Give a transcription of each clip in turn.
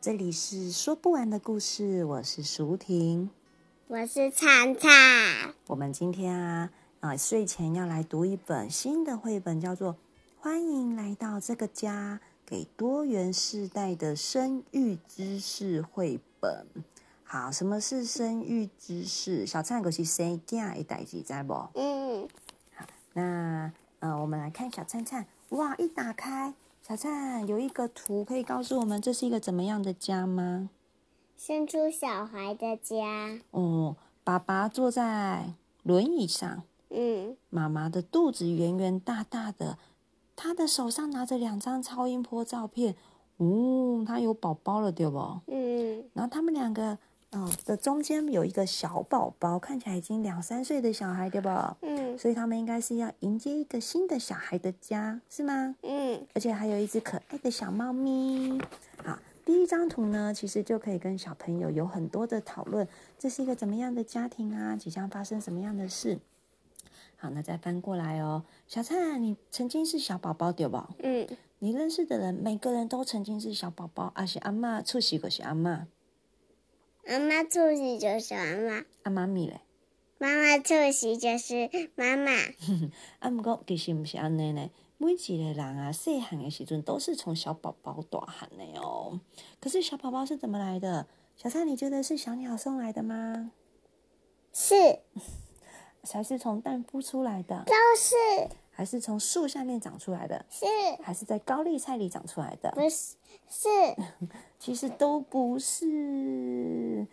這裡是說不完的故事，我是淑婷，我是燦燦。我們今天啊，啊、呃，睡前要來讀一本新的繪本，叫做《歡迎來到這個家》，給多元世代的生育知識繪本。好，什麼是生育知識？小燦可是誰家一代，知道不？嗯。好，那呃，我們來看小燦燦。哇，一打開。小燦有一個圖，可以告訴我們這是一個怎麼樣的家嗎？生出小孩的家。哦、嗯，爸爸坐在輪椅上，嗯，媽媽的肚子圓圓大大的，他的手上拿着兩張超音波照片，哦、嗯，他有寶寶了，對不？嗯，然後他們兩個。哦，的中間有一個小寶寶，看起來已經兩三歲的小孩，對吧？嗯，所以他們應該是要迎接一個新的小孩的家，是嗎？嗯，而且還有一隻可愛的小貓咪。好，第一張圖呢，其實就可以跟小朋友有很多的討論，這是一個怎麼樣的家庭啊？即將發生什麼樣的事？好，那再翻過來哦，小燦，你曾經是小寶寶，對吧？嗯，你認識的人，每個人都曾經是小寶寶，而且阿嬤，出席過是阿嬤。媽媽做事就是媽媽，阿媽咪嘞。媽媽做事就是媽媽。啊，不過、 啊、其實不是安尼嘞，每一個人啊，細漢的時陣都是從小寶寶大漢的哦。可是小寶寶是怎麼來的？小燦，你覺得是小鳥送來的嗎？是， 才是從蛋孵出來的，都是。還是從樹下面長出來的？是。還是在高麗菜裡長出來的？不是，是，其實都不是。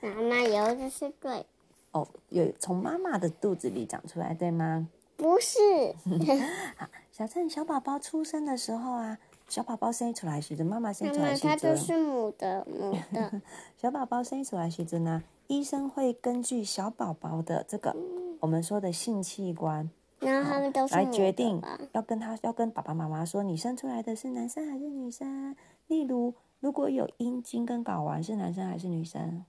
媽媽有的是對。哦、oh,，有從媽媽的肚子裡長出來，對嗎？不是。 好，小燦，小寶寶出生的時候啊，小寶寶生出來時，隨着媽媽生出來時，隨着。它就是母的，母的 小寶寶生出來，的時候呢，醫生會根據小寶寶的這個，嗯、我們說的性器官。然後他們都是，嗯、來決定要跟他要跟爸爸媽媽說，你生出來的是男生還是女生？例如如果有陰莖跟睾丸是男生還是女生？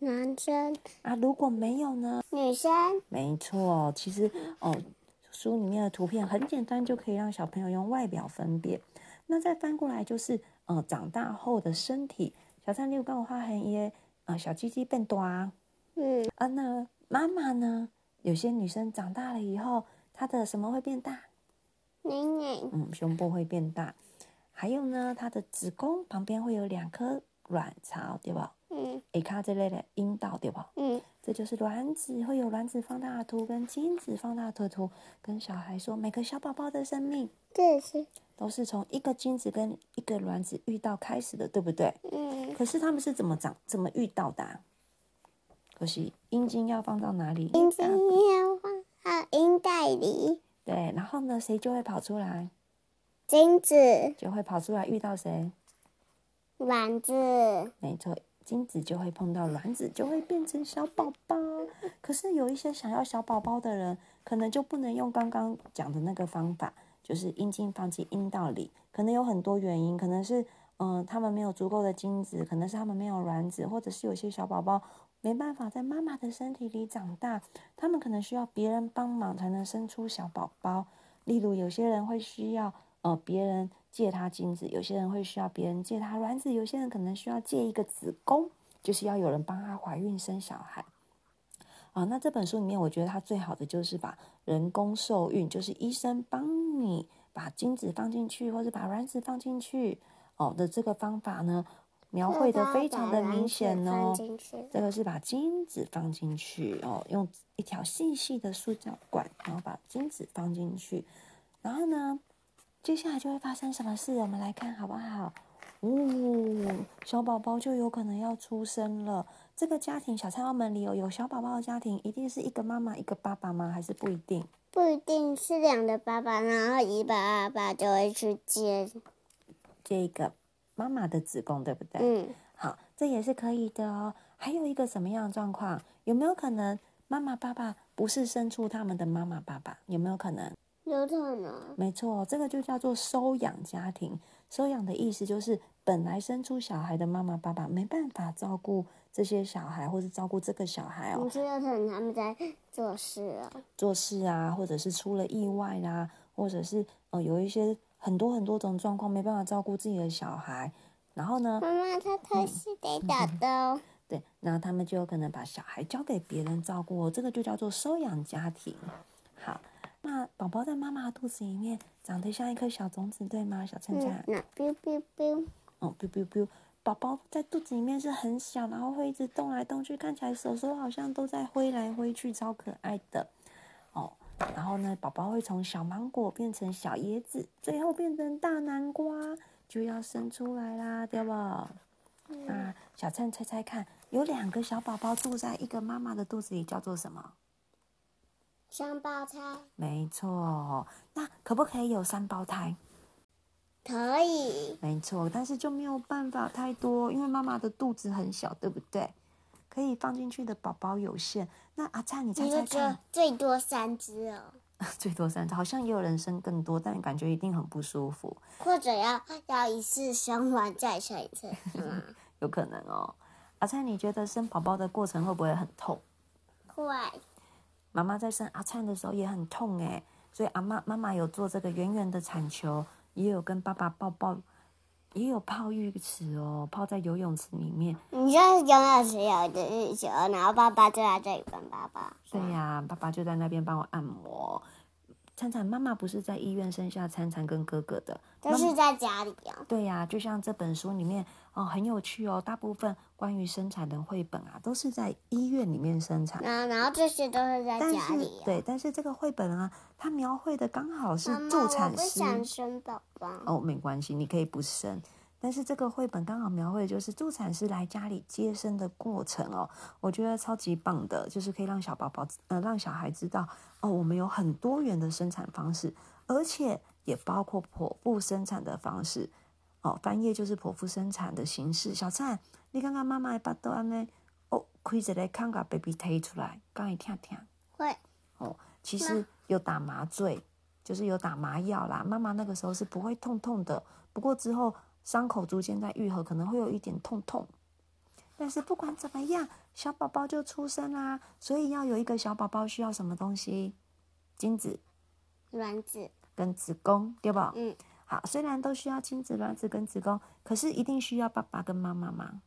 男生。啊，如果沒有呢？女生。沒錯。其實哦、嗯，書裡面的圖片很簡單，就可以讓小朋友用外表分辨。那再翻過來就是，呃，長大後的身體。小三六跟我發橫耶啊，小雞雞變短。嗯。啊，那媽媽呢？有些女生長大了以後，它的什麼會變大？嗯嗯，胸部會變大。還有呢，它的子宮旁邊會有兩顆卵巢，對吧？嗯。你看這類的陰道，對吧？嗯。這就是卵子，會有卵子放大圖，跟精子放大圖圖，跟小孩說每個小寶寶的生命，這也是，都是從一個精子跟一個卵子遇到開始的，對不對？嗯。可是他們是怎麼長、怎麼遇到的？可是陰莖要放到哪裡？對，然後呢，誰就會跑出來？精子就會跑出來，遇到誰？卵子。沒錯，精子就會碰到卵子，就會變成小寶寶。可是有一些想要小寶寶的人，可能就不能用剛剛講的那個方法，就是陰莖放進陰道裡。可能有很多原因，可能是嗯，他們沒有足夠的精子，可能是他們沒有卵子，或者是有些小寶寶，沒辦法在媽媽的身體裡長大，他們可能需要別人幫忙才能生出小寶寶。例如，有些人會需要呃別人借他精子，有些人會需要別人借他卵子，有些人可能需要借一個子宮，就是要有人幫他懷孕生小孩。啊，那這本書裡面，我覺得它最好的就是把人工受孕，就是醫生幫你把精子放進去，或者把卵子放進去，哦的這個方法呢。描繪的非常的明顯哦，這個是把精子放進去哦，用一條細細的塑膠管，然後把精子放進去，然後呢，接下來就會發生什麼事？我們來看好不好？嗚，小寶寶就有可能要出生了。這個家庭小菜包們裡有有小寶寶的家庭，一定是一個媽媽一個爸爸嗎？還是不一定？不一定是兩個爸爸，然後一個爸爸就會去接這個。媽媽的子宮，對不對？嗯，好，這也是可以的哦。還有一個什麼樣的狀況？有沒有可能媽媽爸爸不是生出他們的媽媽爸爸？有沒有可能？有可能。沒錯，這個就叫做收養家庭。收養的意思就是，本來生出小孩的媽媽爸爸沒辦法照顧這些小孩，或是照顧這個小孩哦。你說有可能他們在做事啊？做事啊，或者是出了意外啦、啊，或者是呃有一些。很多很多種狀況，沒辦法照顧自己的小孩，然後呢，媽媽他他是得打針。哦嗯嗯。對，然後他們就有可能把小孩交給別人照顧。哦，這個就叫做收養家庭。好，那寶寶在媽媽肚子裡面長得像一顆小種子，對嗎？小燦燦。那 biu biu biu。哦，biu biu biu，寶寶在肚子裡面是很小，然後會一直動來動去，看起來手手好像都在揮來揮去，超可愛的。然後呢，寶寶會從小芒果變成小椰子，最後變成大南瓜，就要生出來啦，對吧？嗯。啊，小燦，猜猜看，有兩個小寶寶住在一個媽媽的肚子裡，叫做什麼？雙胞胎。沒錯，那可不可以有三胞胎？可以。沒錯，但是就沒有辦法太多，因為媽媽的肚子很小，對不對？可以放進去的寶寶有限，那阿燦，你猜猜看？最多三隻哦。 最多三隻，好像也有人生更多，但感覺一定很不舒服。或者要要一次生完再生一次？ 嗯、有可能哦。阿燦，你覺得生寶寶的過程會不會很痛？會。媽媽在生阿燦的時候也很痛哎，所以阿媽媽媽有做這個圓圓的產球，也有跟爸爸抱抱。也有泡浴池哦，泡在游泳池裡面。你說游泳池有的浴池，然後爸爸就在這裡幫爸爸。對呀、啊，爸爸就在那邊幫我按摩。燦燦媽媽不是在醫院生下燦燦跟哥哥的，都是在家裡啊。對呀、啊，就像這本書裡面哦，很有趣哦。大部分關於生產的繪本啊，都是在醫院裡面生產的。、啊、然後這些都是在家裡、啊。對，但是這個繪本啊，它描繪的剛好是助產師。媽媽，不想生寶寶。哦，沒關係，你可以不生。但是這個繪本剛好描繪的就是助產師來家裡接生的過程哦，我覺得超級棒的，就是可以讓小寶寶呃讓小孩知道哦，我們有很多元的生產方式，而且也包括剖腹生產的方式哦。翻頁就是剖腹生產的形式。小燦，你看看媽媽的巴肚安呢？哦，開一個坑，把 baby 推出來，敢會痛痛？會。哦，其實有打麻醉，就是有打麻藥啦。媽媽那個時候是不會痛痛的，不過之後。傷口逐漸在愈合，可能會有一點痛痛，但是不管怎麼樣，小寶寶就出生啦，啊。所以要有一個小寶寶，需要什麼東西？精子、卵子跟子宮，對不？嗯。好，雖然都需要精子、卵子跟子宮，可是一定需要爸爸跟媽媽嗎？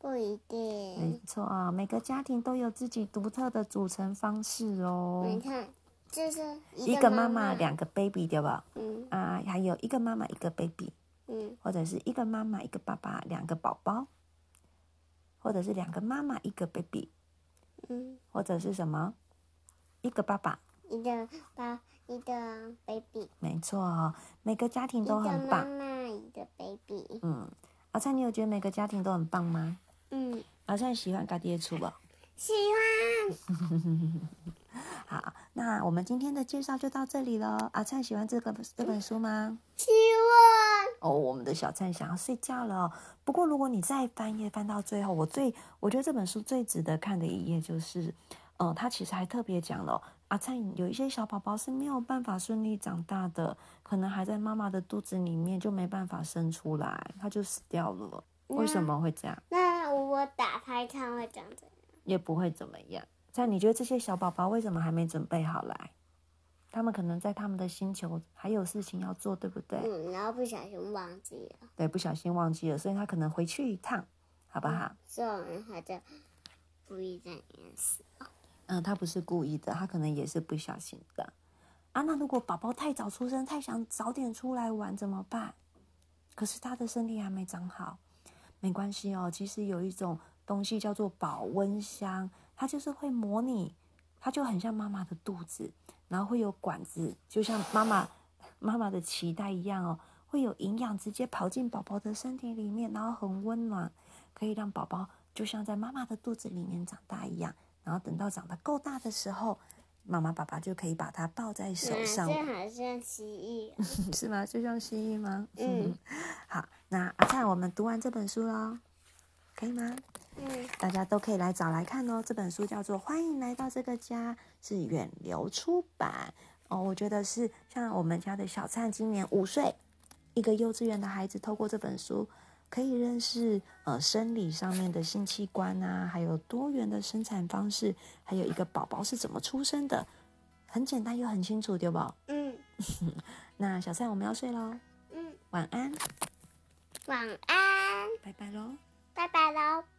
不一定。沒錯啊，哦，每個家庭都有自己獨特的組成方式哦。你看，就是一個媽媽，是一個媽媽，兩個 baby，對不？嗯。啊，還有一個媽媽一個 baby。嗯，或者是一個媽媽一個爸爸兩個寶寶，或者是兩個媽媽一個 baby，嗯，或者是什麼一個爸爸一個爸一個 baby，沒錯，每個家庭都很棒。一個媽媽一個 baby，嗯，阿燦，你有覺得每個家庭都很棒嗎？嗯，阿燦喜歡家爹出廚嗎？喜歡。 好，那我們今天的介紹就到這裡嘍。阿燦喜歡這個這本書嗎？希望哦、oh，我們的小燦想要睡覺了。不過，如果你再翻頁翻到最後，我最我覺得這本書最值得看的一頁就是，嗯、呃，他其實還特別講了，阿、啊、燦有一些小寶寶是沒有辦法順利長大的，可能還在媽媽的肚子裡面就沒辦法生出來，他就死掉了。為什麼會這樣？那我打開看會講怎樣？也不會怎麼樣。燦，你覺得這些小寶寶為什麼還沒準備好來？他們可能在他們的星球還有事情要做，對不對？嗯，然後不小心忘記了。對，不小心忘記了，所以他可能回去一趟，好不好？嗯，所以我們好像故意在掩飾。嗯，他不是故意的，他可能也是不小心的。啊，那如果寶寶太早出生，太想早點出來玩怎麼辦？可是他的身體還沒長好，沒關係哦。其實有一種東西叫做保溫箱，它就是會模擬。它就很像媽媽的肚子，然後會有管子，就像媽媽媽媽的臍帶一樣哦，會有營養直接跑進寶寶的身體裡面，然後很溫暖，可以讓寶寶就像在媽媽的肚子裡面長大一樣。然後等到長得夠大的時候，媽媽爸爸就可以把它抱在手上。啊，這好像蜥蜴哦， 是嗎？就像蜥蜴嗎？嗯， 好，那阿燦，我們讀完這本書嘍。可以嗎？嗯，大家都可以來找來看哦。這本書叫做《歡迎來到這個家》，是遠流出版哦。我覺得是像我們家的小燦今年五歲，一個幼稚園的孩子，透過這本書可以認識呃生理上面的性器官啊，還有多元的生產方式，還有一個寶寶是怎麼出生的，很簡單又很清楚，對吧？嗯。 那小燦，我們要睡嘍。嗯，晚安。晚安。拜拜嘍。拜拜嘍。